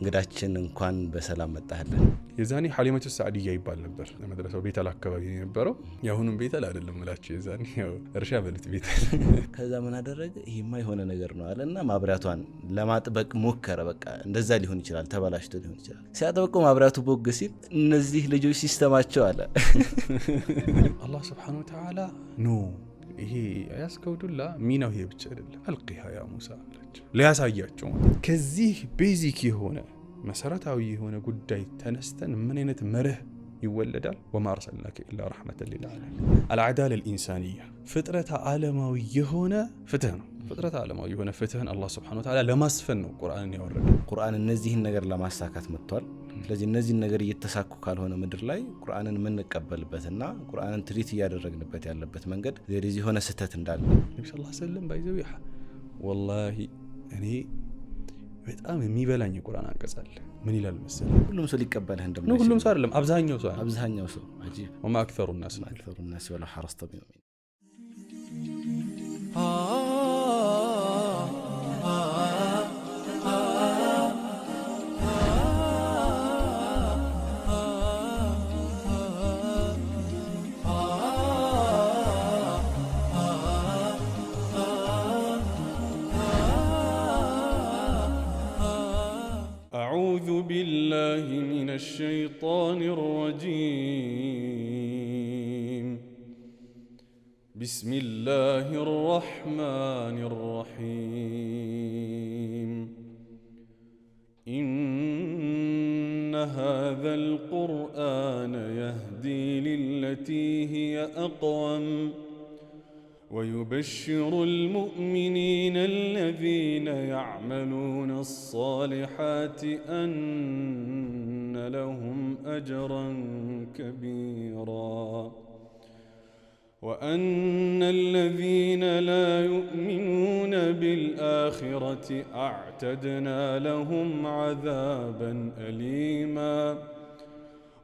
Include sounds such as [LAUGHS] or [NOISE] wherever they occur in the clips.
እንግዳችን እንኳን በሰላም መጣለን። የዛኔ ሀሊመቱ ሳዕድያ ይባል ነበር ለመድረሰው ቤተል አካባቢ የነበረው የአሁኑም ቤተል አይደለም ምላቸው የዛኔ እርሻ በሉት ቤተል። [LAUGHS] ከዛ ምን አደረገ ይህማ የሆነ ነገር ነው አለ አለና ማብሪያቷን ለማጥበቅ ሞከረ። በቃ እንደዛ ሊሆን ይችላል ተበላሽቶ ሊሆን ይችላል። ሲያጠበቀው ማብሪያቱ ቦግ ሲል እነዚህ ልጆች ሲስተማቸው አለ [LAUGHS] አላህ ስብሐነሁ ወተዓላ ኖ ይሄ ያስከው ዱላ ሚናው ይሄ ብቻ አይደለም፣ አልቂሃ ያ ሙሳ አላቸው። ሊያሳያቸው ከዚህ ቤዚክ የሆነ መሰረታዊ የሆነ ጉዳይ ተነስተን ምን አይነት መርህ ይወለዳል። ወማ አርሰልናከ ኢላ ረሕመተን ሊልዓለሚን። አልዓዳለ ልኢንሳንያ ፍጥረተ ዓለማዊ የሆነ ፍትህ ነው። ፍጥረተ ዓለማዊ የሆነ ፍትህን አላህ ስብሓነሁ ወተዓላ ለማስፈን ነው ቁርአንን ያወረደ። ቁርአን እነዚህን ነገር ለማሳካት መጥቷል። ስለዚህ እነዚህን ነገር እየተሳኩ ካልሆነ ምድር ላይ ቁርአንን የምንቀበልበትና ቁርአንን ትሪት እያደረግንበት ያለበት መንገድ ዚ የሆነ ስህተት እንዳለ ነቢ ስ ሰለም ባይዘው ወላሂ እኔ በጣም የሚበላኝ የቁርአን አንቀጽ ምን ይላል መሰለህ? ሁሉም ሰው ሊቀበልህ እንደማይችል ሁሉም ሰው አይደለም፣ አብዛኛው ሰው አብዛኛው ሰው ወማ አክሩ ናስ ናስ ወላ ሐረስተ ቢሙእሚን بالله من الشيطان الرجيم بسم الله الرحمن الرحيم إن هذا القرآن يهدي للتي هي أقوم ويبشر المؤمنين الذين يعملون الصالحات ان لهم اجرا كبيرا وان الذين لا يؤمنون بالاخره اعتدنا لهم عذابا اليما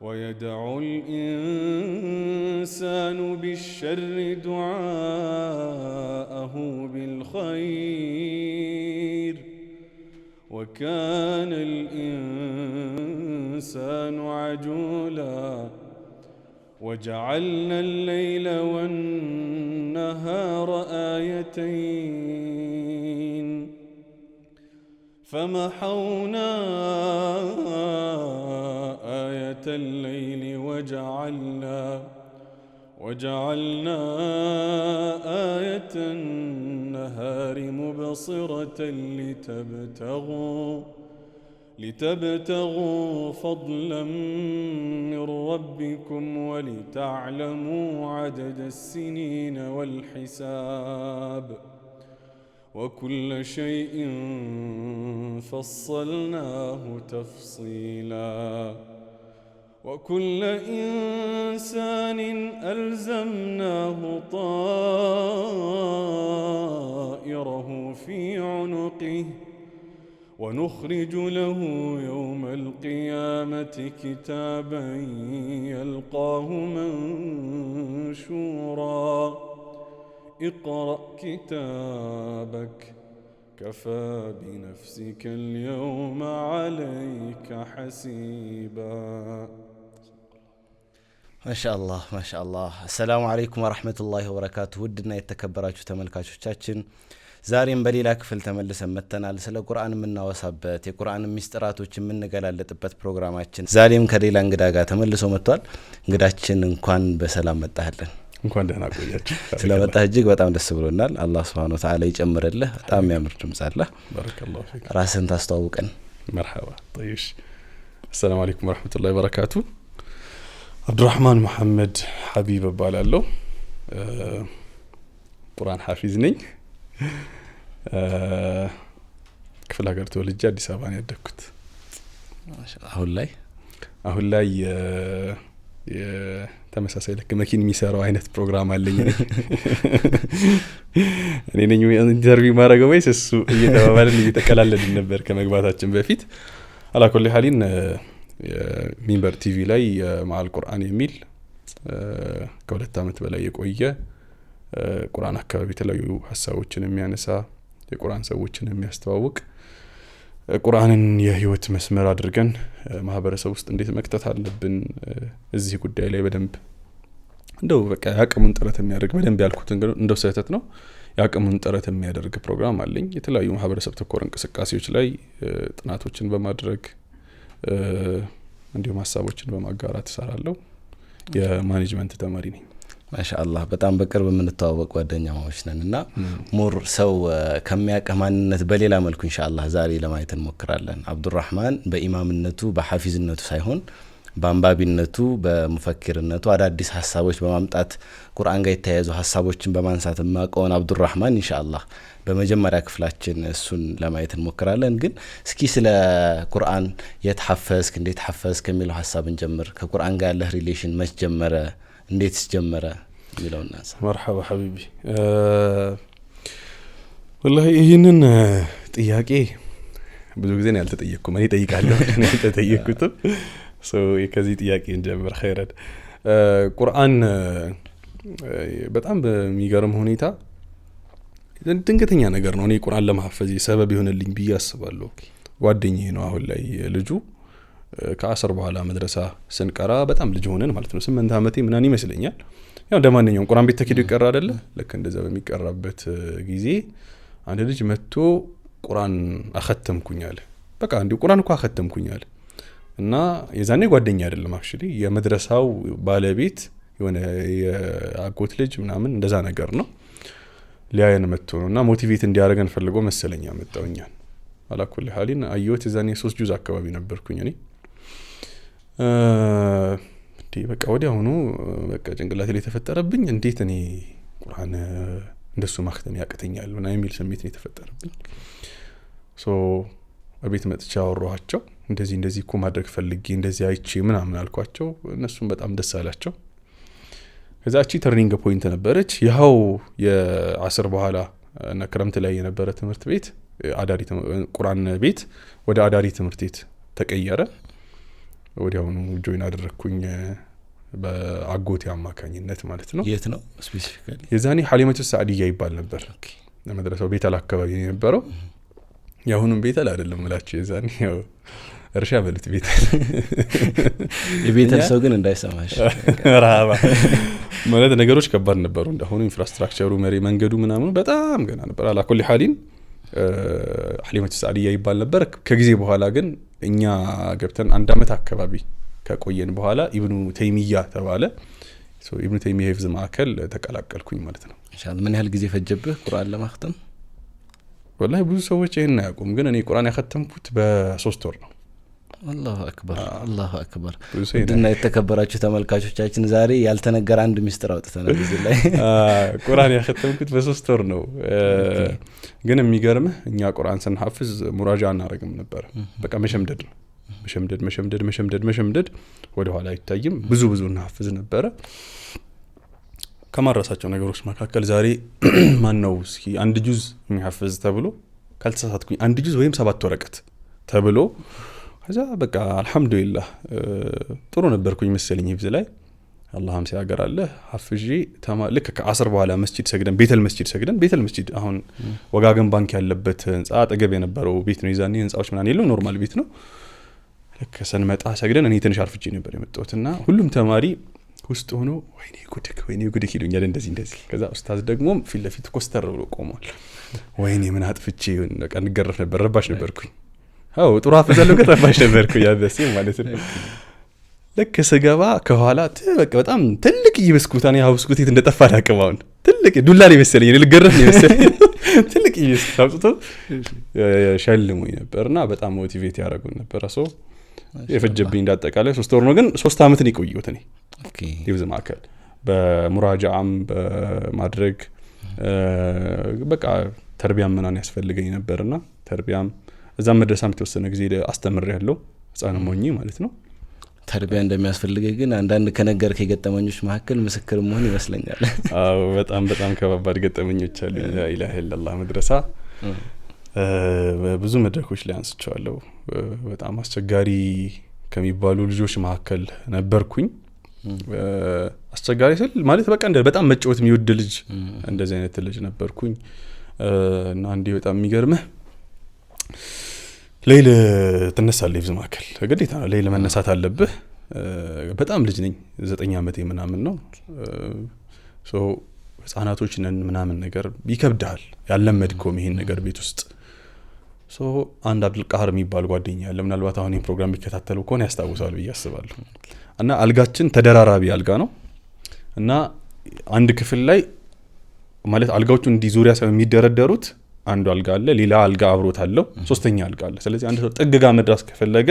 ويدعو الإنسان بالشر دعاءه بالخير وكان الإنسان عجولا وجعلنا الليل والنهار آيتين فمحونا الليل وجعلنا وجعلنا آية النهار مبصرة لتبتغوا لتبتغوا فضلا من ربكم ولتعلموا عدد السنين والحساب وكل شيء فصلناه تفصيلاً وكل إنسان ألزمناه طائره في عنقه ونخرج له يوم القيامة كتابا يلقاه منشورا اقرأ كتابك كفى بنفسك اليوم عليك حسيباً ማሻአላህ ማሻአላህ። አሰላሙ አለይኩም ወረህመቱላሂ ወበረካቱ። ውድና የተከበራችሁ ተመልካቾቻችን ዛሬም በሌላ ክፍል ተመልሰን መጥተናል። ስለ ቁርአን የምናወሳበት የቁርአን ሚስጥራቶች የምንገላለጥበት ፕሮግራማችን ዛሬም ከሌላ እንግዳ ጋር ተመልሶ መጥቷል። እንግዳችን እንኳን በሰላም መጣህልን። እንኳን ደህና ቆያችሁ። [LAUGHS] ስለመጣህ እጅግ በጣም ደስ ብሎናል። አላህ ሱብሃነሁ ወተዓላ ይጨምርልህ። በጣም የሚያምር ድምጽ አለህ። ራስህን ታስተዋውቀን። መርሐባ። ጠይሽ። አሰላሙ አለይኩም ወረህመቱላሂ ወበረካቱ አብዱራህማን መሐመድ ሀቢብ እባላለሁ። ቁርአን ሀፊዝ ነኝ። ክፍለ ሀገር ተወልጄ አዲስ አበባ ነው ያደግኩት። አሁን ላይ አሁን ላይ የተመሳሳይ ልክ መኪን የሚሰራው አይነት ፕሮግራም አለኝ። እኔ [LAUGHS] ነኝ ኢንተርቪው ማድረገው ወይስ እሱ? እየተባባልን እየተቀላለድን ነበር ከመግባታችን በፊት አላኮሌ ሀሊን ሚንበር ቲቪ ላይ የመአል ቁርአን የሚል ከሁለት ዓመት በላይ የቆየ ቁርአን አካባቢ የተለያዩ ሀሳቦችን የሚያነሳ የቁርአን ሰዎችን የሚያስተዋውቅ ቁርአንን የህይወት መስመር አድርገን ማህበረሰብ ውስጥ እንዴት መክተት አለብን እዚህ ጉዳይ ላይ በደንብ እንደው በቃ የአቅሙን ጥረት የሚያደርግ በደንብ ያልኩት እንደው ስህተት ነው። የአቅሙን ጥረት የሚያደርግ ፕሮግራም አለኝ። የተለያዩ ማህበረሰብ ተኮር እንቅስቃሴዎች ላይ ጥናቶችን በማድረግ እንዲሁም ሀሳቦችን በማጋራት እሰራለሁ። የማኔጅመንት ተማሪ ነኝ። ማሻአላህ በጣም በቅርብ የምንተዋወቅ ጓደኛማዎች ነን እና ሙር ሰው ከሚያቀ ማንነት በሌላ መልኩ ኢንሻአላህ ዛሬ ለማየት እንሞክራለን። አብዱራህማን በኢማምነቱ በሐፊዝነቱ ሳይሆን በአንባቢነቱ በሙፈኪርነቱ አዳዲስ ሀሳቦች በማምጣት ቁርአን ጋር የተያያዙ ሀሳቦችን በማንሳት የማውቀውን አብዱራህማን ኢንሻአላህ በመጀመሪያ ክፍላችን እሱን ለማየት እንሞክራለን። ግን እስኪ ስለ ቁርአን የት ሐፈዝክ፣ እንዴት ሐፈዝክ ከሚለው ሀሳብ እንጀምር። ከቁርአን ጋር ያለህ ሪሌሽን መች ጀመረ፣ እንዴት ስጀመረ የሚለው እናንሳ። መርሐባ ሐቢቢ። ወላሂ ይህንን ጥያቄ ብዙ ጊዜ ነው ያልተጠየቅኩም። እኔ እጠይቃለሁ ያልተጠየቅኩትም። ከዚህ ጥያቄ እንጀምር። ኸይረድ ቁርአን በጣም በሚገርም ሁኔታ ድንገተኛ ነገር ነው። እኔ ቁርአን ለማሐፈዝ ሰበብ ይሆንልኝ ብዬ አስባለሁ። ጓደኛዬ ነው አሁን ላይ ልጁ ከአስር በኋላ መድረሳ ስንቀራ በጣም ልጅ ሆነን ማለት ነው። ስምንት ዓመቴ ምናን ይመስለኛል። ያው እንደ ማንኛውም ቁርአን ቤት ተኪዶ ይቀራ አደለ? ልክ እንደዛ በሚቀራበት ጊዜ አንድ ልጅ መጥቶ ቁርአን አኸተምኩኝ አለ። በቃ እንዲሁ ቁርአን እኮ አኸተምኩኝ አለ። እና የዛኔ ጓደኛ አይደለም አክቹዋሊ የመድረሳው ባለቤት የሆነ የአጎት ልጅ ምናምን እንደዛ ነገር ነው ሊያየን መጥቶ ነው እና ሞቲቬት እንዲያደርገን ፈልጎ መሰለኛ መጣውኛል አላኩል ሀሊን አየሁት። የዛኔ የሶስት ጁዝ አካባቢ ነበርኩኝ እኔ በቃ ወዲያውኑ በቃ ጭንቅላት ላይ የተፈጠረብኝ እንዴት እኔ ቁርአን እንደሱ ማክተም ያቅተኛል ና የሚል ስሜት ነው የተፈጠረብኝ። ሶ ቤት መጥቻ አወሯቸው እንደዚህ እንደዚህ እኮ ማድረግ ፈልጌ እንደዚህ አይቼ ምናምን አልኳቸው። እነሱም በጣም ደስ አላቸው። ከዛቺ ተርኒንግ ፖይንት ነበረች። ይኸው የአስር በኋላ ክረምት ላይ የነበረ ትምህርት ቤት አዳሪ ቤት ወደ አዳሪ ትምህርት ቤት ተቀየረ። ወዲያውኑ ጆይን አደረግኩኝ በአጎቴ አማካኝነት ማለት ነው። የት ነው ስፔሲፊካሊ? የዛኔ ሀሊመቱ ሳዕድያ ይባል ነበር ለመድረሰው ቤተል አካባቢ የነበረው። የአሁኑም ቤተል አይደለም ላቸው የዛኔ እርሻ በሉት ቤተ የቤተል ሰው ግን እንዳይሰማሽ [LAUGHS] ረሃባ ማለት ነገሮች ከባድ ነበሩ። እንደሆኑ ኢንፍራስትራክቸሩ መሪ መንገዱ ምናምኑ በጣም ገና ነበር። አላኮሊ ሀሊን ሀሊመቱ ሳዕድያ ይባል ነበር። ከጊዜ በኋላ ግን እኛ ገብተን አንድ አመት አካባቢ ከቆየን በኋላ ኢብኑ ተይሚያ ተባለ ኢብኑ ተይሚያ ሂፍዝ ማዕከል ተቀላቀልኩኝ ማለት ነው። ምን ያህል ጊዜ ፈጀብህ ቁርአን ለማክተም? ወላ ብዙ ሰዎች ይህን አያውቁም፣ ግን እኔ ቁርአን ያከተምኩት በሶስት ወር ነው። አላሁ አክበር አላሁ አክበር። ውድና የተከበራችሁ ተመልካቾቻችን ዛሬ ያልተነገረ አንድ ሚስጥር አውጥተናል። እዚህ ላይ [LAUGHS] ቁርአን ያከተምኩት በሶስት ወር ነው። ግን የሚገርምህ እኛ ቁርአን ስንሀፍዝ ሙራጃ አናረግም ነበር። በቃ መሸምደድ ነው መሸምደድ መሸምደድ መሸምደድ መሸምደድ፣ ወደኋላ አይታይም። ብዙ ብዙ እናሐፍዝ ነበረ። ከማረሳቸው ነገሮች መካከል ዛሬ [CLEARS THROAT] ማን ነው እስኪ አንድ ጁዝ የሚሐፍዝ ተብሎ ካልተሳሳትኩኝ አንድ ጁዝ ወይም ሰባት ወረቀት ተብሎ ከዛ በቃ አልሐምዱሊላህ ጥሩ ነበርኩኝ መሰለኝ ሂፍዝ ላይ አላህም ሲያገር አለ ሀፍዤ ልክ ከአስር በኋላ መስጅድ ሰግደን ቤተል መስጅድ ሰግደን ቤተል መስጅድ አሁን ወጋገን ባንክ ያለበት ህንፃ አጠገብ የነበረው ቤት ነው። የዛኔ ህንፃዎች ምናን የለው ኖርማል ቤት ነው። ልክ ስንመጣ ሰግደን እኔ ትንሽ አርፍጄ ነበር የመጣሁት እና ሁሉም ተማሪ ውስጥ ሆኖ ወይኔ ጉድክ ወይኔ ጉድክ ይሉኛል እንደዚህ እንደዚህ። ከዛ ኡስታዝ ደግሞ ፊት ለፊት ኮስተር ብሎ ቆሟል። ወይኔ ምን አጥፍቼ በቃ እንገረፍ ነበር ረባሽ ነበርኩኝ። አዎ ጥሩ አፍዛለሁ ግን ረባሽ [LAUGHS] ነበርኩ ያዘሴ ማለት ነው። ልክ ስገባ ከኋላ በቃ በጣም ትልቅ ብስኩት እኔ ያው ብስኩት የት እንደጠፋ አላውቅም። ትልቅ ዱላ ነው የመሰለኝ ልገረፍ ነው የመሰለኝ ትልቅ ብስኩት አምጥቶ ሸልሙኝ ነበር እና በጣም ሞቲቬት ያደረጉን ነበረ። ሰው የፈጀብኝ እንዳጠቃላይ ሶስት ወር ነው፣ ግን ሶስት አመት ነው የቆየሁት እኔ ይብዝ ማዕከል በሙራጃአም በማድረግ በቃ ተርቢያም ምናምን ያስፈልገኝ ነበርና ተርቢያም እዛ መድረሳም የተወሰነ ጊዜ አስተምር ያለው ህፃን ሞኝ ማለት ነው። ተርቢያ እንደሚያስፈልገ ግን አንዳንድ ከነገር ከገጠመኞች መካከል ምስክር መሆን ይመስለኛል። [LAUGHS] በጣም በጣም ከባባድ ገጠመኞች አሉ። ላኢላሀ ኢለላህ መድረሳ ብዙ መድረኮች ላይ አንስቸዋለሁ። በጣም አስቸጋሪ ከሚባሉ ልጆች መካከል ነበርኩኝ። አስቸጋሪ ስል ማለት በቃ በጣም መጫወት የሚወድ ልጅ እንደዚህ አይነት ልጅ ነበርኩኝ እና እንዲህ በጣም የሚገርምህ ሌል ትነሳለህ። ብዙ ማዕከል ግዴታ ነው። ለይል መነሳት አለብህ። በጣም ልጅ ነኝ፣ ዘጠኝ ዓመቴ ምናምን ነው። ህጻናቶች ነን ምናምን ነገር ይከብድሃል። ያለመድከውም ይሄን ነገር ቤት ውስጥ አንድ አብዱልቃህር የሚባል ጓደኛ ያለ ምናልባት አሁን ይህ ፕሮግራም የሚከታተሉ ከሆነ ያስታውሳል ብዬ አስባለሁ። እና አልጋችን ተደራራቢ አልጋ ነው እና አንድ ክፍል ላይ ማለት አልጋዎቹ እንዲህ ዙሪያ የሚደረደሩት አንዱ አልጋ አለ፣ ሌላ አልጋ አብሮት አለው፣ ሶስተኛ አልጋ አለ። ስለዚህ አንድ ሰው ጥግ ጋር መድረስ ከፈለገ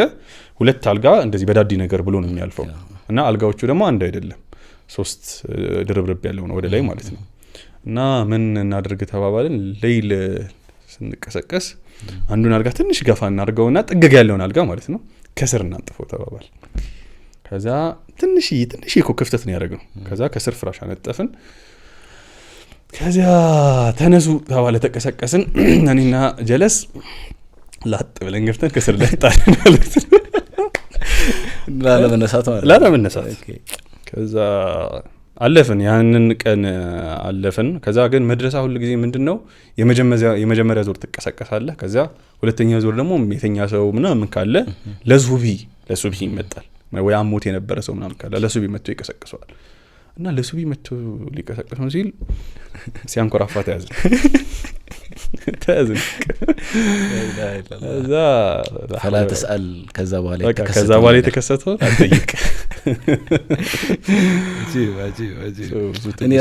ሁለት አልጋ እንደዚህ በዳዲ ነገር ብሎ ነው የሚያልፈው እና አልጋዎቹ ደግሞ አንድ አይደለም፣ ሶስት ድርብርብ ያለው ነው ወደ ላይ ማለት ነው። እና ምን እናድርግ ተባባልን። ሌይል ስንቀሰቀስ አንዱን አልጋ ትንሽ ገፋ እናድርገውና ጥግግ ያለውን አልጋ ማለት ነው ከስር እናንጥፈው ተባባል። ከዛ ትንሽ ትንሽ እኮ ክፍተት ነው ያደረግነው። ከዛ ከስር ፍራሽ አነጠፍን። ከዚያ ተነሱ ተባለ። ተቀሰቀስን። [CLEARS THROAT] እኔና ጀለስ ላጥ ብለን ገብተን ከስር ለጣለን [LAUGHS] ማለት ነው ላለመነሳት ማለት ላለመነሳት። ከዛ አለፍን፣ ያንን ቀን አለፍን። ከዛ ግን መድረሳ ሁል ጊዜ ምንድን ነው የመጀመሪያ ዞር ትቀሰቀሳለህ። ከዚያ ሁለተኛ ዞር ደግሞ የተኛ ሰው ምናምን ካለ ለሱቢ ለሱቢ ይመጣል ወይ አሞት የነበረ ሰው ምናምን ካለ ለሱቢ መጥቶ ይቀሰቅሰዋል። እና ለሱቢ መቶ ሊቀሰቅስ ነው ሲል ሲያንኮራፋ ተያዘ። [LAUGHS] [LAUGHS] ፈላ ተስአል ከዛ በኋላ በኋላ የተከሰተውን አልጠይቅ።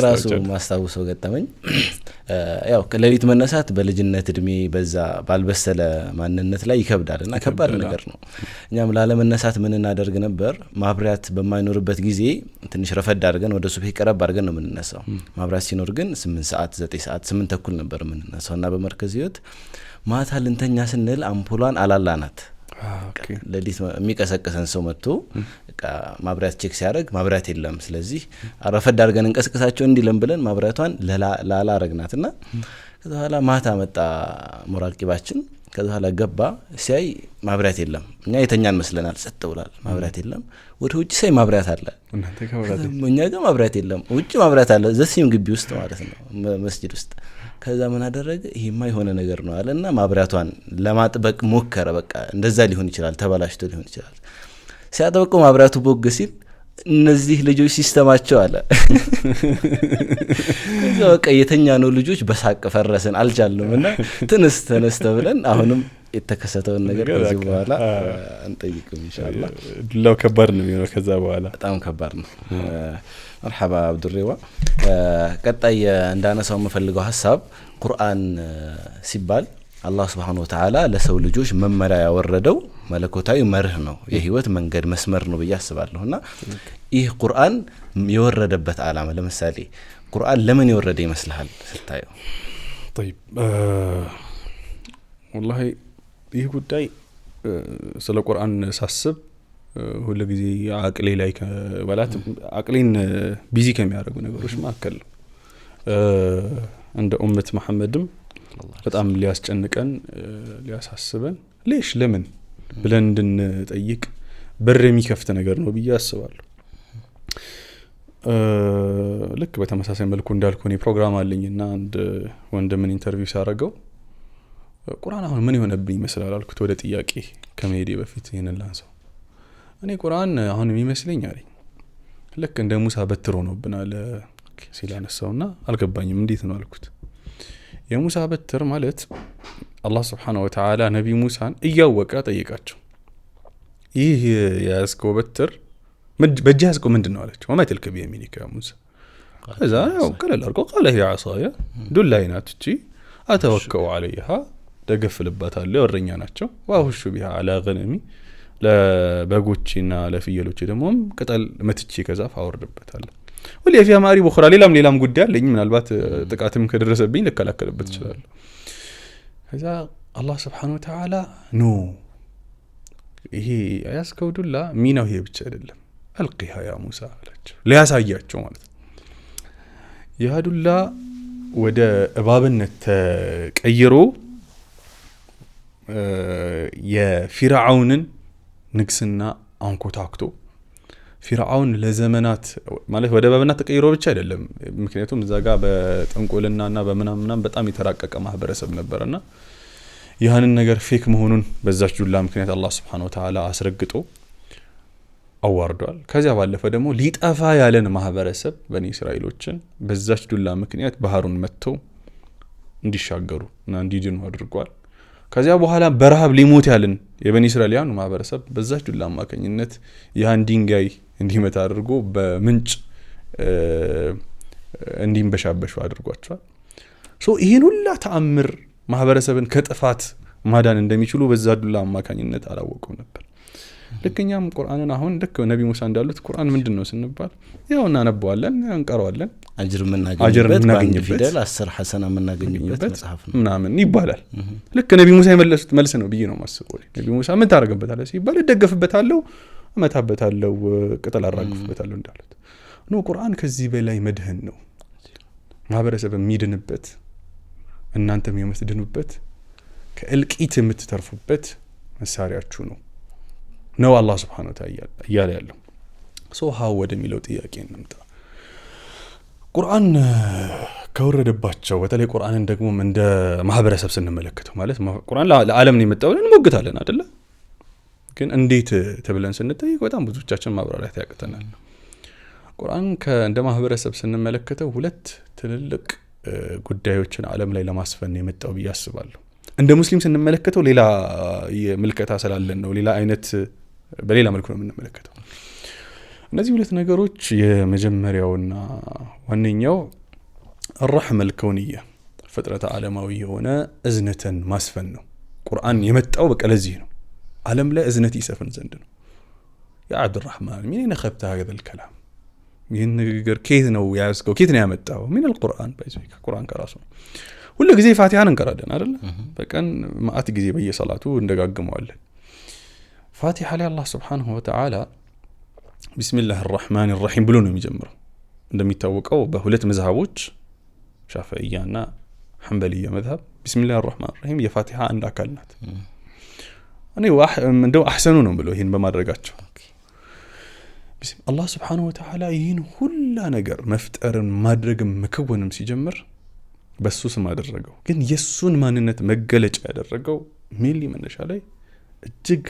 ራሱ ማስታውሰው ገጠመኝ [CLEARS THROAT] ያው ሌሊት መነሳት በልጅነት እድሜ በዛ ባልበሰለ ማንነት ላይ ይከብዳል እና ከባድ ነገር ነው። እኛም ላለመነሳት ምን እናደርግ ነበር? ማብሪያት በማይኖርበት ጊዜ ትንሽ ረፈድ አድርገን ወደ ሱብሄ ቀረብ አድርገን ነው የምንነሳው። ማብሪያት ሲኖር ግን ስምንት ሰዓት ዘጠኝ ሰዓት ስምንት ተኩል ነበር የምንነሳው በአምሮና በመርከዝ ህይወት ማታ ልንተኛ ስንል አምፖሏን አላላናት። ለዲት የሚቀሰቅሰን ሰው መጥቶ ማብሪያት ቼክ ሲያደርግ ማብሪያት የለም። ስለዚህ አረፈድ አድርገን እንቀስቅሳቸው እንዲለን ብለን ማብሪያቷን ላላ አረግናት ና ከዛ በኋላ ማታ መጣ ሞራቂባችን ከዛ በኋላ ገባ ሲያይ ማብሪያት የለም። እኛ የተኛን መስለናል። ጸጥ ብሏል። ማብሪያት የለም። ወደ ውጭ ሳይ ማብሪያት አለ። እኛ ጋር ማብሪያት የለም። ውጭ ማብሪያት አለ። ዘሲም ግቢ ውስጥ ማለት ነው መስጅድ ውስጥ ከዛ ምን አደረገ? ይሄማ የሆነ ነገር ነው አለ እና ማብሪያቷን ለማጥበቅ ሞከረ። በቃ እንደዛ ሊሆን ይችላል፣ ተበላሽቶ ሊሆን ይችላል። ሲያጠበቀው ማብሪያቱ ቦግ ሲል እነዚህ ልጆች ሲስተማቸው አለ እዛ በቃ የተኛ ነው ልጆች በሳቅ ፈረስን አልቻልንም። እና ትንስ ተነስ ተብለን አሁንም የተከሰተውን ነገር ከዚህ በኋላ አንጠይቅም። ይሻላ ዱላው ከባድ ነው የሚሆነው ከዛ በኋላ በጣም ከባድ ነው። መርሓባ አብዱሬዋ ቀጣይ እንዳነሳው የምፈልገው ሀሳብ ቁርአን ሲባል አላህ ስብሓን ወተዓላ ለሰው ልጆች መመሪያ ያወረደው መለኮታዊ መርህ ነው፣ የህይወት መንገድ መስመር ነው ብዬ አስባለሁ። እና ይህ ቁርአን የወረደበት አላማ ለምሳሌ ቁርአን ለምን የወረደ ይመስልሃል ስታየው? ወላ ይህ ጉዳይ ስለ ቁርአን ሳስብ ሁሉ ጊዜ አቅሌ ላይ ማለት አቅሌን ቢዚ ከሚያደርጉ ነገሮች መካከል ነው። እንደ ኡመት መሐመድም በጣም ሊያስጨንቀን ሊያሳስበን ሌሽ ለምን ብለን እንድንጠይቅ በር የሚከፍት ነገር ነው ብዬ አስባለሁ። ልክ በተመሳሳይ መልኩ እንዳልኩ እኔ ፕሮግራም አለኝ እና አንድ ወንድምን ኢንተርቪው ሳደርገው ቁርአን አሁን ምን የሆነብኝ ይመስላል አልኩት። ወደ ጥያቄ ከመሄዴ በፊት ይህንን ላንሰው እኔ ቁርአን አሁን የሚመስለኝ አለኝ ልክ እንደ ሙሳ በትር ሆኖብናል ሲል አነሳውና አልገባኝም። እንዴት ነው አልኩት። የሙሳ በትር ማለት አላህ ስብሓነ ወተዓላ ነቢ ሙሳን እያወቀ ጠየቃቸው። ይህ የያዝከው በትር በእጅ ያዝከው ምንድን ነው አለቸው ወማ ትልክብ ቢየሚኒከ ሙሳ። ከዛ ያው ቀለል አርቆ ቃለ ሂየ ዓሳየ ዱላዬ ናት እቺ፣ አተወከው አለይሃ ደገፍልባታለሁ፣ እረኛ ናቸው። ዋሁሹ ቢሃ አላ ገነሚ ለበጎችና ለፍየሎች ደግሞ ቅጠል መትቼ ከዛፍ አወርድበታለሁ። ወል የፊያ ማሪ ቦክራ ሌላም ሌላም ጉዳይ አለኝ። ምናልባት ጥቃትም ከደረሰብኝ ልከላከልበት እችላለሁ። ከዛ አላህ ስብሓነሁ ወተዓላ ኖ ይሄ ያዝከው ዱላ ሚናው ይሄ ብቻ አይደለም፣ አልቂሃ ያ ሙሳ አላቸው። ሊያሳያቸው ማለት ነው። ያ ዱላ ወደ እባብነት ተቀይሮ የፊርዓውንን ንግስና አንኮታክቶ ፊርዓውን ለዘመናት ማለት ወደ በብና ተቀይሮ ብቻ አይደለም። ምክንያቱም እዛ ጋር በጥንቁልናና በምናምናም በጣም የተራቀቀ ማህበረሰብ ነበረና ይህንን ነገር ፌክ መሆኑን በዛች ዱላ ምክንያት አላህ ስብሐነሁ ወተዓላ አስረግጦ አዋርዷል። ከዚያ ባለፈ ደግሞ ሊጠፋ ያለን ማህበረሰብ በኒ እስራኤሎችን በዛች ዱላ ምክንያት ባህሩን መጥተው እንዲሻገሩ እና እንዲድኑ አድርጓል። ከዚያ በኋላ በረሃብ ሊሞት ያልን የበኒ እስራኤልያኑ ማህበረሰብ በዛች ዱላ አማካኝነት ያን ድንጋይ እንዲመታ አድርጎ በምንጭ እንዲንበሻበሹ አድርጓቸዋል። ሶ ይህን ሁላ ተአምር ማህበረሰብን ከጥፋት ማዳን እንደሚችሉ በዛ ዱላ አማካኝነት አላወቁም ነበር። ልክ እኛም ቁርአንን አሁን ልክ ነቢ ሙሳ እንዳሉት ቁርአን ምንድን ነው ስንባል ያው እናነበዋለን፣ እንቀረዋለን፣ አጅር የምናገኝበት አስር ሐሰና የምናገኝበት ምናምን ይባላል። ልክ ነቢ ሙሳ የመለሱት መልስ ነው ብዬ ነው ማስቦ ነቢ ሙሳ ምን ታደረገበታለ ሲባል እደገፍበታለሁ፣ እመታበታለሁ፣ ቅጠል አራግፍበታለሁ እንዳሉት ኖ ቁርአን ከዚህ በላይ መድህን ነው። ማህበረሰብ የሚድንበት እናንተም የምትድኑበት ከእልቂት የምትተርፉበት መሳሪያችሁ ነው። ነው አላህ ስብሐነ ወተዓላ እያለ ያለው። ሶ ሀው ወደሚለው ጥያቄ እንምጣ። ቁርአን ከወረደባቸው በተለይ ቁርአንን ደግሞ እንደ ማህበረሰብ ስንመለከተው ማለት ቁርአን ለዓለም ነው የመጣው ብለን እንሞግታለን አደለ? ግን እንዴት ተብለን ስንጠይቅ በጣም ብዙዎቻችን ማብራሪያት ያቅተናል። ቁርአን እንደ ማህበረሰብ ስንመለከተው ሁለት ትልልቅ ጉዳዮችን ዓለም ላይ ለማስፈን የመጣው ብዬ አስባለሁ። እንደ ሙስሊም ስንመለከተው ሌላ ምልከታ ስላለን ነው ሌላ አይነት በሌላ መልኩ ነው የምንመለከተው። እነዚህ ሁለት ነገሮች የመጀመሪያውና ዋነኛው አራሕመ ልከውንያ ፍጥረተ ዓለማዊ የሆነ እዝነትን ማስፈን ነው። ቁርአን የመጣው በቃ ለዚህ ነው፣ ዓለም ላይ እዝነት ይሰፍን ዘንድ ነው። ያ ሚን አይነ ኸብተ ሀገ ይህን ንግግር ኬት ነው ያዝከው? ኬት ነው ያመጣው? ሚን አልቁርአን ቁርአን ከራሱ ነው። ሁሉ ጊዜ ፋቲሃን እንቀራለን አይደለ? በቀን ማአት ጊዜ በየሰላቱ እንደጋግመዋለን። ፋቲሓ ላይ አላህ ስብሓንሁ ወተዓላ ቢስሚላህ ራሕማን ራሒም ብሎ ነው የሚጀምረው። እንደሚታወቀው በሁለት መዝሃቦች ሻፈእያና ሐንበልያ መዝሃብ ቢስሚላህ ራሕማን ራሒም የፋቲሓ አንድ አካል ናት። እኔ እንደው አሕሰኑ ነው ብሎ ይህን በማድረጋቸው አላህ ስብሓንሁ ወተዓላ ይህን ሁላ ነገር መፍጠርን ማድረግን መከወንም ሲጀምር በሱ ስም አደረገው። ግን የእሱን ማንነት መገለጫ ያደረገው ሜሊ መነሻ ላይ እጅግ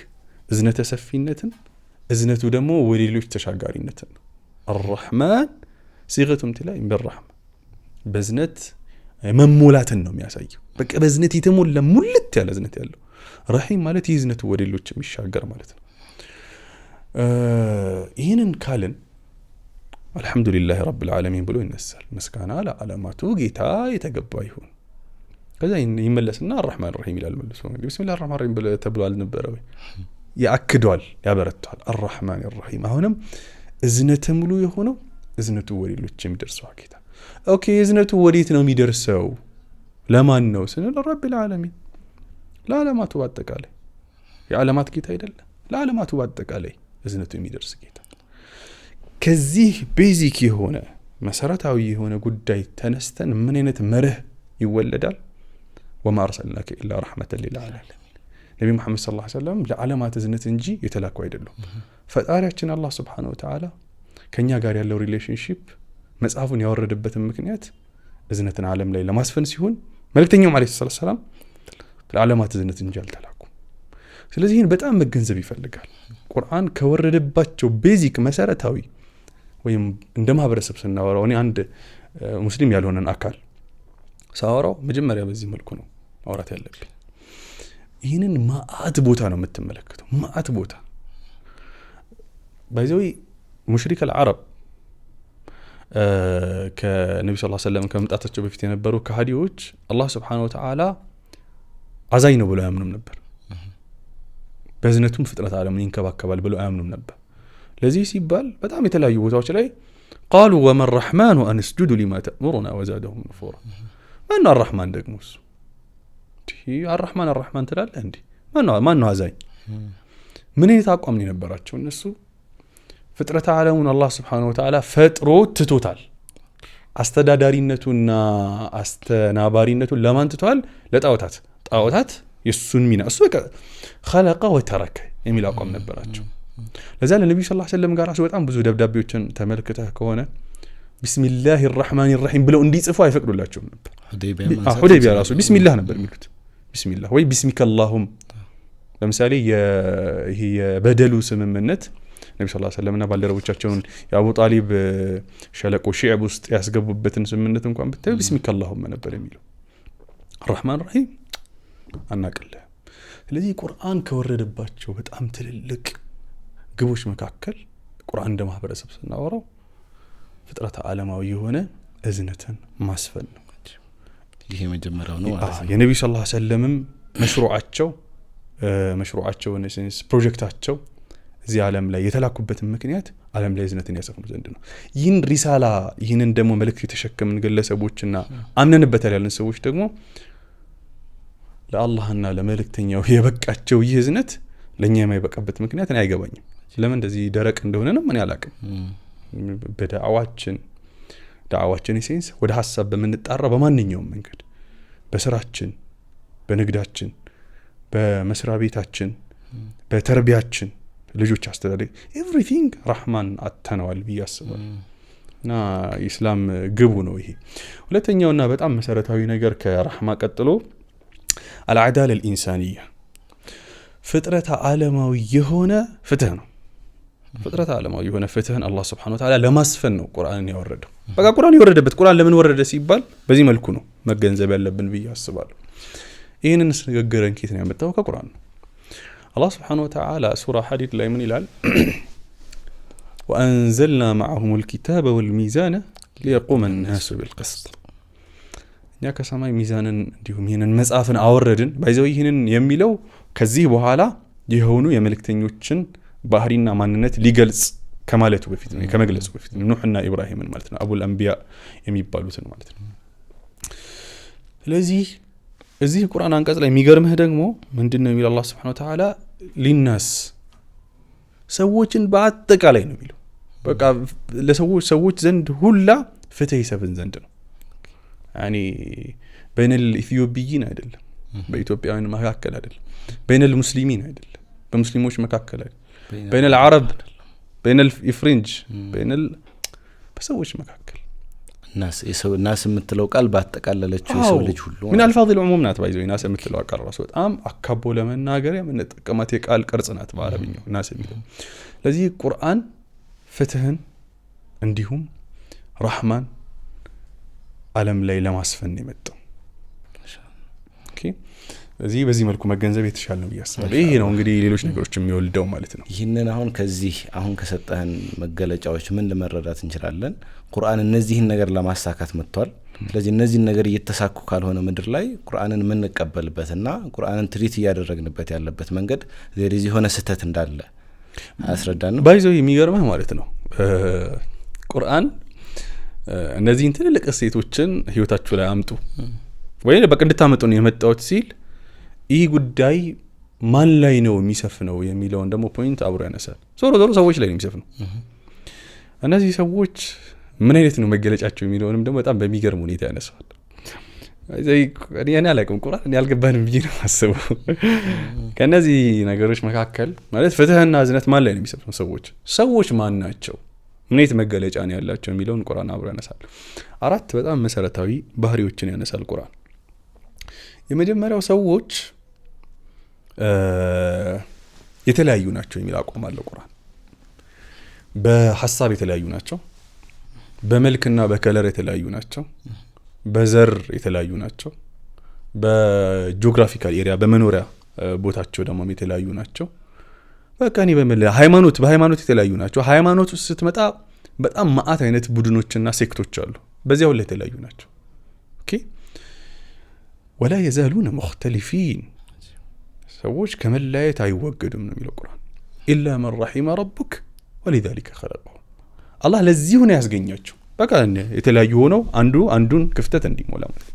እዝነተ ሰፊነትን እዝነቱ ደግሞ ወደ ሌሎች ተሻጋሪነትን አራሕማን ሲገቱ ምትላኢም ብራሕማ በእዝነት መሞላትን ነው የሚያሳየው። በቃ በእዝነት የተሞላ ሙልት ያለ እዝነት ያለው ረሒም ማለት ይህ እዝነቱ ወደ ሌሎች የሚሻገር ማለት ነው። ይህንን ካልን አልሐምዱሊላህ ረብል ዓለሚን ብሎ ይነሳል። ምስጋና ለዓለማቱ ጌታ የተገባ ይሁን። ከዛ ይመለስና አራሕማን ረሒም ይላል መልሶ። እንግዲህ ብስሚላህ ረሒም ተብሎ አልነበረ ወይ? ያአክዷል፣ ያበረቷል። አራህማን ራሒም አሁንም እዝነተ ሙሉ የሆነው እዝነቱ ወሌሎች የሚደርሰው ጌታ። ኦኬ እዝነቱ ወዴት ነው የሚደርሰው? ለማን ነው ስንል ረቢል ዓለሚን ለዓለማቱ በአጠቃላይ የዓለማት ጌታ አይደለም፣ ለዓለማቱ በአጠቃላይ እዝነቱ የሚደርስ ጌታ። ከዚህ ቤዚክ የሆነ መሰረታዊ የሆነ ጉዳይ ተነስተን ምን አይነት መርህ ይወለዳል? ወማ አርሰልናከ ኢላ ረሕመተን ሊልዓለሚን ነቢ ሙሐመድ ስ ሰለም ለዓለማት እዝነት እንጂ የተላኩ አይደሉም። ፈጣሪያችን አላህ ስብሓነ ወተዓላ ከእኛ ጋር ያለው ሪሌሽንሽፕ መጽሐፉን ያወረደበትን ምክንያት እዝነትን ዓለም ላይ ለማስፈን ሲሆን መልእክተኛውም ዓለይሂ ሰላቱ ወሰላም ለዓለማት እዝነት እንጂ አልተላኩም። ስለዚህ ይህን በጣም መገንዘብ ይፈልጋል። ቁርአን ከወረደባቸው ቤዚክ መሰረታዊ ወይም እንደ ማህበረሰብ ስናወራው እኔ አንድ ሙስሊም ያልሆነን አካል ሳወራው መጀመሪያ በዚህ መልኩ ነው ማውራት ያለብኝ። ይህንን ማአት ቦታ ነው የምትመለከተው። ማአት ቦታ ባይዘዊ ሙሽሪክ አልዓረብ ከነቢ ስ ሰለም ከመምጣታቸው በፊት የነበሩ ከሃዲዎች አላህ ስብሓነ ወተዓላ አዛኝ ነው ብሎ አያምኑም ነበር። በእዝነቱም ፍጥረት ዓለምን ይንከባከባል ብሎ አያምኑም ነበር። ለዚህ ሲባል በጣም የተለያዩ ቦታዎች ላይ ቃሉ ወመን ረሕማኑ አንስጁዱ ሊማ ተእሙሩና ወዛደሁም ኑፉራ ማነው አራሕማን ደግሞ እሱ አራህማን አራህማን ትላለ እንዲ ማን ነው አዛኝ? ምን አይነት አቋም ነው የነበራቸው እነሱ? ፍጥረተ ዓለሙን አላህ ስብሓነሁ ወተዓላ ፈጥሮ ትቶታል። አስተዳዳሪነቱና አስተናባሪነቱን ለማን ትቷል? ለጣዖታት። ጣዖታት የእሱን ሚና እሱ በቃ ኸለቀ ወተረከ የሚል አቋም ነበራቸው። ለዛ ለነቢዩ ሰለላሁ ዐለይሂ ጋር በጣም ብዙ ደብዳቤዎችን ተመልክተህ ከሆነ ቢስሚላህ ራሕማን ራሒም ብለው እንዲጽፉ አይፈቅዱላቸውም ነበር። ሁዴቢያ ራሱ ቢስሚላህ ነበር የሚሉት ቢስሚላህ ወይ ቢስሚከላሁም ለምሳሌ ይሄ የበደሉ ስምምነት ነቢ ስ ሰለምና ባልደረቦቻቸውን የአቡ ጣሊብ ሸለቆ ሺዕብ ውስጥ ያስገቡበትን ስምምነት እንኳን ብታዩ ቢስሚከላሁመ ነበር የሚለው አራህማን ራሂም አናቅልህ። ስለዚህ ቁርአን ከወረደባቸው በጣም ትልልቅ ግቦች መካከል ቁርአን እንደ ማህበረሰብ ስናወራው ፍጥረት ዓለማዊ የሆነ እዝነትን ማስፈን ነው። ይህ የመጀመሪያው ነው ማለት ነው። የነቢዩ ስ ሰለምም መሽሩዓቸው መሽሩዓቸው ኢነሴንስ ፕሮጀክታቸው እዚህ ዓለም ላይ የተላኩበትን ምክንያት ዓለም ላይ እዝነትን ያሰፍኑ ዘንድ ነው። ይህን ሪሳላ ይህንን ደግሞ መልእክት የተሸከምን ግለሰቦችና አምነንበታል ያለን ሰዎች ደግሞ ለአላህና ለመልእክተኛው የበቃቸው ይህ እዝነት ለእኛ የማይበቃበት ምክንያት እኔ አይገባኝም። ለምን እንደዚህ ደረቅ እንደሆነንም ነው እኔ አላቅም። በዳዕዋችን ዳዕዋችን ኢሴንስ ወደ ሀሳብ በምንጣራ በማንኛውም መንገድ በስራችን፣ በንግዳችን፣ በመስሪያ ቤታችን፣ በተርቢያችን፣ ልጆች አስተዳደግ ኤቭሪቲንግ ራህማን አተነዋል ብዬ አስባል። እና ኢስላም ግቡ ነው ይሄ። ሁለተኛውና በጣም መሰረታዊ ነገር ከራህማ ቀጥሎ አልዓዳለ ልኢንሳንያ ፍጥረተ አለማዊ የሆነ ፍትህ ነው። ፍጥረት ዓለማዊ የሆነ ፍትህን አላህ ስብሐነሁ ወተዓላ ለማስፈን ነው ቁርአንን ያወረደው። በቃ ቁርአን የወረደበት ቁርአን ለምን ወረደ ሲባል በዚህ መልኩ ነው መገንዘብ ያለብን ብዬ አስባለሁ። ይህንን ንግግርን ኬት ነው ያመጣው? ከቁርአን ነው። አላህ ስብሐነሁ ወተዓላ ሱራ ሐዲድ ላይ ምን ይላል? [CLEARS THROAT] ወአንዘልና ማዕሁም ልኪታበ ወልሚዛነ ሊየቁመ ናሱ ቢልቅስጥ። እኛ ከሰማይ ሚዛንን እንዲሁም ይህንን መጽሐፍን አወረድን። ባይዘው ይህንን የሚለው ከዚህ በኋላ የሆኑ የመልእክተኞችን ባህሪና ማንነት ሊገልጽ ከማለቱ በፊት ነው ከመግለጹ በፊት ኑሕና ኢብራሂምን ማለት ነው አቡል አንቢያ የሚባሉትን ማለት ነው። ስለዚህ እዚህ ቁርአን አንቀጽ ላይ የሚገርምህ ደግሞ ምንድን ነው የሚለው አላህ ስብሐነ ወተዓላ ሊናስ ሰዎችን በአጠቃላይ ነው የሚለው በቃ ለሰዎች ሰዎች ዘንድ ሁላ ፍትህ ይሰፍን ዘንድ ነው። ያኔ በይነል ኢትዮጵይን አይደለም፣ በኢትዮጵያውያን መካከል አይደለም፣ በይነል ሙስሊሚን አይደለም፣ በሙስሊሞች መካከል አይደለም بين, العرب بين الفرنج بين ال بسويش مكاكل الناس يسو الناس مثلوا قال باتقال لك يسو لك كله من الفاضل عموم نات بايزو الناس مثلوا قال راسه بتام اكبو لمناغر من تقمت يقال قرص نات بالعربي الناس يمثلوا لذي القران فتهن عندهم رحمن علم ليلى ما شاء الله اوكي ስለዚህ በዚህ መልኩ መገንዘብ የተሻለ ነው ብያስባለ። ይሄ ነው እንግዲህ ሌሎች ነገሮች የሚወልደው ማለት ነው። ይህንን አሁን ከዚህ አሁን ከሰጠህን መገለጫዎች ምን ለመረዳት እንችላለን? ቁርአን እነዚህን ነገር ለማሳካት መጥቷል። ስለዚህ እነዚህን ነገር እየተሳኩ ካልሆነ ምድር ላይ ቁርአንን የምንቀበልበትና ቁርአንን ትሪት እያደረግንበት ያለበት መንገድ ዜሬዚ የሆነ ስህተት እንዳለ አያስረዳንም። ባይዞ የሚገርመህ ማለት ነው ቁርአን እነዚህን ትልልቅ እሴቶችን ህይወታችሁ ላይ አምጡ ወይ በቃ እንድታመጡ ነው ሲል ይህ ጉዳይ ማን ላይ ነው የሚሰፍነው የሚለውን ደግሞ ፖይንት አብሮ ያነሳል። ዞሮ ዞሮ ሰዎች ላይ ነው የሚሰፍነው። እነዚህ ሰዎች ምን አይነት ነው መገለጫቸው የሚለውንም ደግሞ በጣም በሚገርም ሁኔታ ያነሳዋል። እኔ አላውቅም ቁርአን ያልገባንም ብዬ ነው አስቡ ከእነዚህ ነገሮች መካከል ማለት ፍትህና እዝነት ማን ላይ ነው የሚሰፍነው? ሰዎች ሰዎች ማን ናቸው? ምንት መገለጫ ነው ያላቸው የሚለውን ቁራን አብሮ ያነሳል። አራት በጣም መሰረታዊ ባህሪዎችን ያነሳል ቁራን የመጀመሪያው ሰዎች የተለያዩ ናቸው የሚል አቋም አለው ቁርአን። በሀሳብ የተለያዩ ናቸው፣ በመልክና በከለር የተለያዩ ናቸው፣ በዘር የተለያዩ ናቸው፣ በጂኦግራፊካል ኤሪያ በመኖሪያ ቦታቸው ደግሞ የተለያዩ ናቸው። በቃ እኔ በመለ ሃይማኖት በሃይማኖት የተለያዩ ናቸው። ሃይማኖት ስትመጣ በጣም ማአት አይነት ቡድኖችና ሴክቶች አሉ። በዚያ ሁላ የተለያዩ ናቸው። ወላ የዛሉነ ሙክተሊፊን ሰዎች ከመለያየት አይወገዱም ነው የሚለው ቁርአን። ኢላ መን ረሒመ ረቡክ ወሊዛሊከ ኸለቀሁ። አላህ ለዚሁ ነው ያስገኛቸው። በቃ የተለያዩ ሆነው አንዱ አንዱን ክፍተት እንዲሞላ ማለት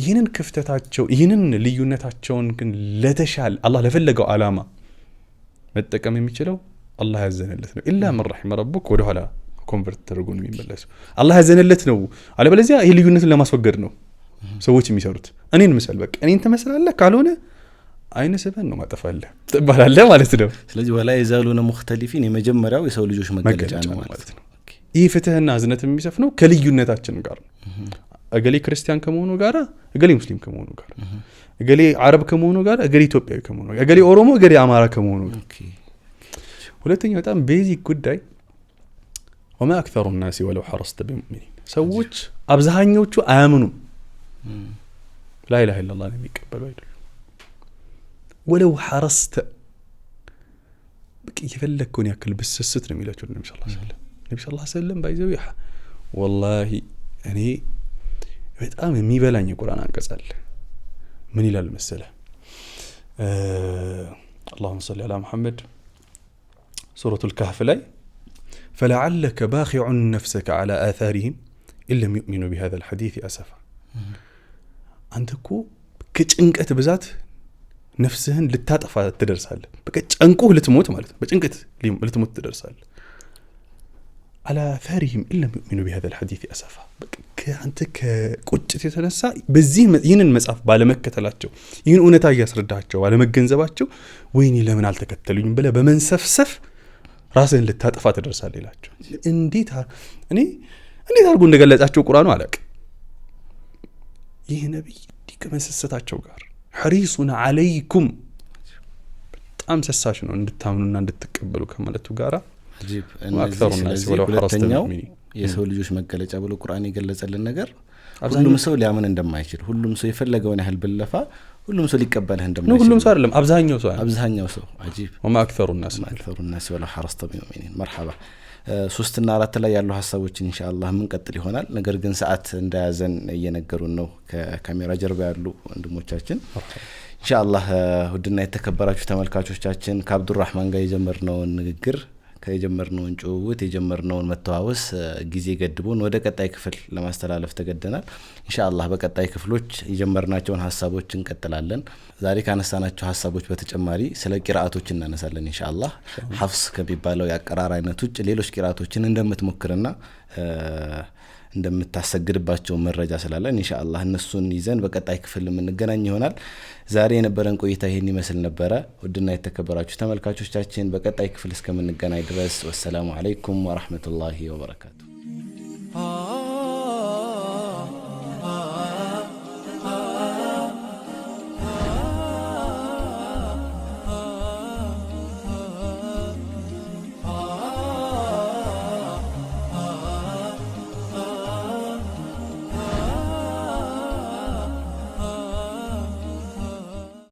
ይህንን ክፍተታቸው ይህንን ልዩነታቸውን ግን ለተሻለ አላህ ለፈለገው አላማ መጠቀም የሚችለው አላህ ያዘነለት ነው። ኢላ መን ረሒመ ረቡክ ወደኋላ ኮንቨርት ተደርጎ ነው የሚመለሱ። አላህ ያዘነለት ነው። አለበለዚያ ይህ ልዩነትን ለማስወገድ ነው ሰዎች የሚሰሩት እኔን ምሰል፣ በቃ እኔን ትመስላለህ፣ ካልሆነ አይነ ስበን ነው ማጠፋለህ ትባላለህ ማለት ነው። ስለዚህ ወላ የዛሉነ ሙክተሊፊን የመጀመሪያው የሰው ልጆች መገለጫ ነው ማለት ነው። ይህ ፍትህና እዝነት የሚሰፍነው ከልዩነታችን ጋር ነው። እገሌ ክርስቲያን ከመሆኑ ጋር፣ እገሌ ሙስሊም ከመሆኑ ጋር፣ እገሌ አረብ ከመሆኑ ጋር፣ እገሌ ኢትዮጵያዊ ከመሆኑ ጋር፣ እገሌ ኦሮሞ፣ እገሌ አማራ ከመሆኑ ጋር። ሁለተኛው በጣም ቤዚክ ጉዳይ ወማ አክተሩ ናሲ ወለው ሐረስተ ቢሙእሚኒን ሰዎች አብዛሃኞቹ አያምኑም። لا اله الا الله لم يقبل ويدل ولو حرست يفلكون ياكل بس الستر النبي صلى الله عليه وسلم النبي صلى الله عليه وسلم باي زويحة والله يعني بتقام مي بلاني قران انقصل من الى المسألة آه اللهم صل على محمد سورة الكهف لي فلعلك باخع نفسك على آثارهم إن لم يؤمنوا بهذا الحديث أسفا አንተ እኮ ከጭንቀት ብዛት ነፍስህን ልታጠፋ ትደርሳለ በቃ ጨንቁህ ልትሞት ማለት ነው። በጭንቀት ልትሞት ትደርሳለህ። አላ ፈሪህም ኢለም ዩእሚኑ ቢሀዘል ሐዲስ አሰፋ። አንተ ከቁጭት የተነሳ በዚህ ይህንን መጽሐፍ ባለመከተላቸው ይህን እውነታ እያስረዳቸው ባለመገንዘባቸው ወይኔ ለምን አልተከተሉኝም ብለህ በመንሰፍሰፍ ራስህን ልታጠፋ ትደርሳለህ ይላቸው። እንዴት እኔ እንዴት አድርጎ እንደገለጻቸው ቁርአኑ አላውቅም። ይህ ነቢይ ዲቅ መሰሰታቸው ጋር ሐሪሱን አለይኩም በጣም ሰሳሽ ነው እንድታምኑና እንድትቀበሉ ከማለቱ ጋራ ሁለተኛው የሰው ልጆች መገለጫ ብሎ ቁርአን የገለጸልን ነገር ሁሉም ሰው ሊያምን እንደማይችል ሁሉም ሰው የፈለገውን ያህል ብለፋ ሁሉም ሰው ሊቀበልህ እንደማይችል ሁሉም ሰው አይደለም አብዛኛው ሰው አብዛኛው ሰው አጂብ ወማ አክተሩ ናስ ወለው ሐረስተ ቢል መርሐባ ሶስትና አራት ላይ ያሉ ሀሳቦች እንሻላ ምንቀጥል ይሆናል። ነገር ግን ሰዓት እንደያዘን እየነገሩን ነው ከካሜራ ጀርባ ያሉ ወንድሞቻችን። ኢንሻአላህ ውድና የተከበራችሁ ተመልካቾቻችን ከአብዱራህማን ጋር የጀመርነውን ንግግር ከጀመርነውን ጭውውት የጀመርነውን መተዋወስ ጊዜ ገድቦን ወደ ቀጣይ ክፍል ለማስተላለፍ ተገደናል። ኢንሻአላህ በቀጣይ ክፍሎች የጀመርናቸውን ሀሳቦች እንቀጥላለን። ዛሬ ካነሳናቸው ሀሳቦች በተጨማሪ ስለ ቂርአቶች እናነሳለን። ኢንሻአላህ ሀፍስ ከሚባለው የአቀራር አይነት ውጭ ሌሎች ቂርአቶችን እንደምትሞክርና እንደምታሰግድባቸው መረጃ ስላለን እንሻአላ እነሱን ይዘን በቀጣይ ክፍል የምንገናኝ ይሆናል። ዛሬ የነበረን ቆይታ ይህን ይመስል ነበረ። ውድና የተከበራችሁ ተመልካቾቻችን በቀጣይ ክፍል እስከምንገናኝ ድረስ ወሰላሙ አለይኩም ወረህመቱላሂ ወበረካቱ።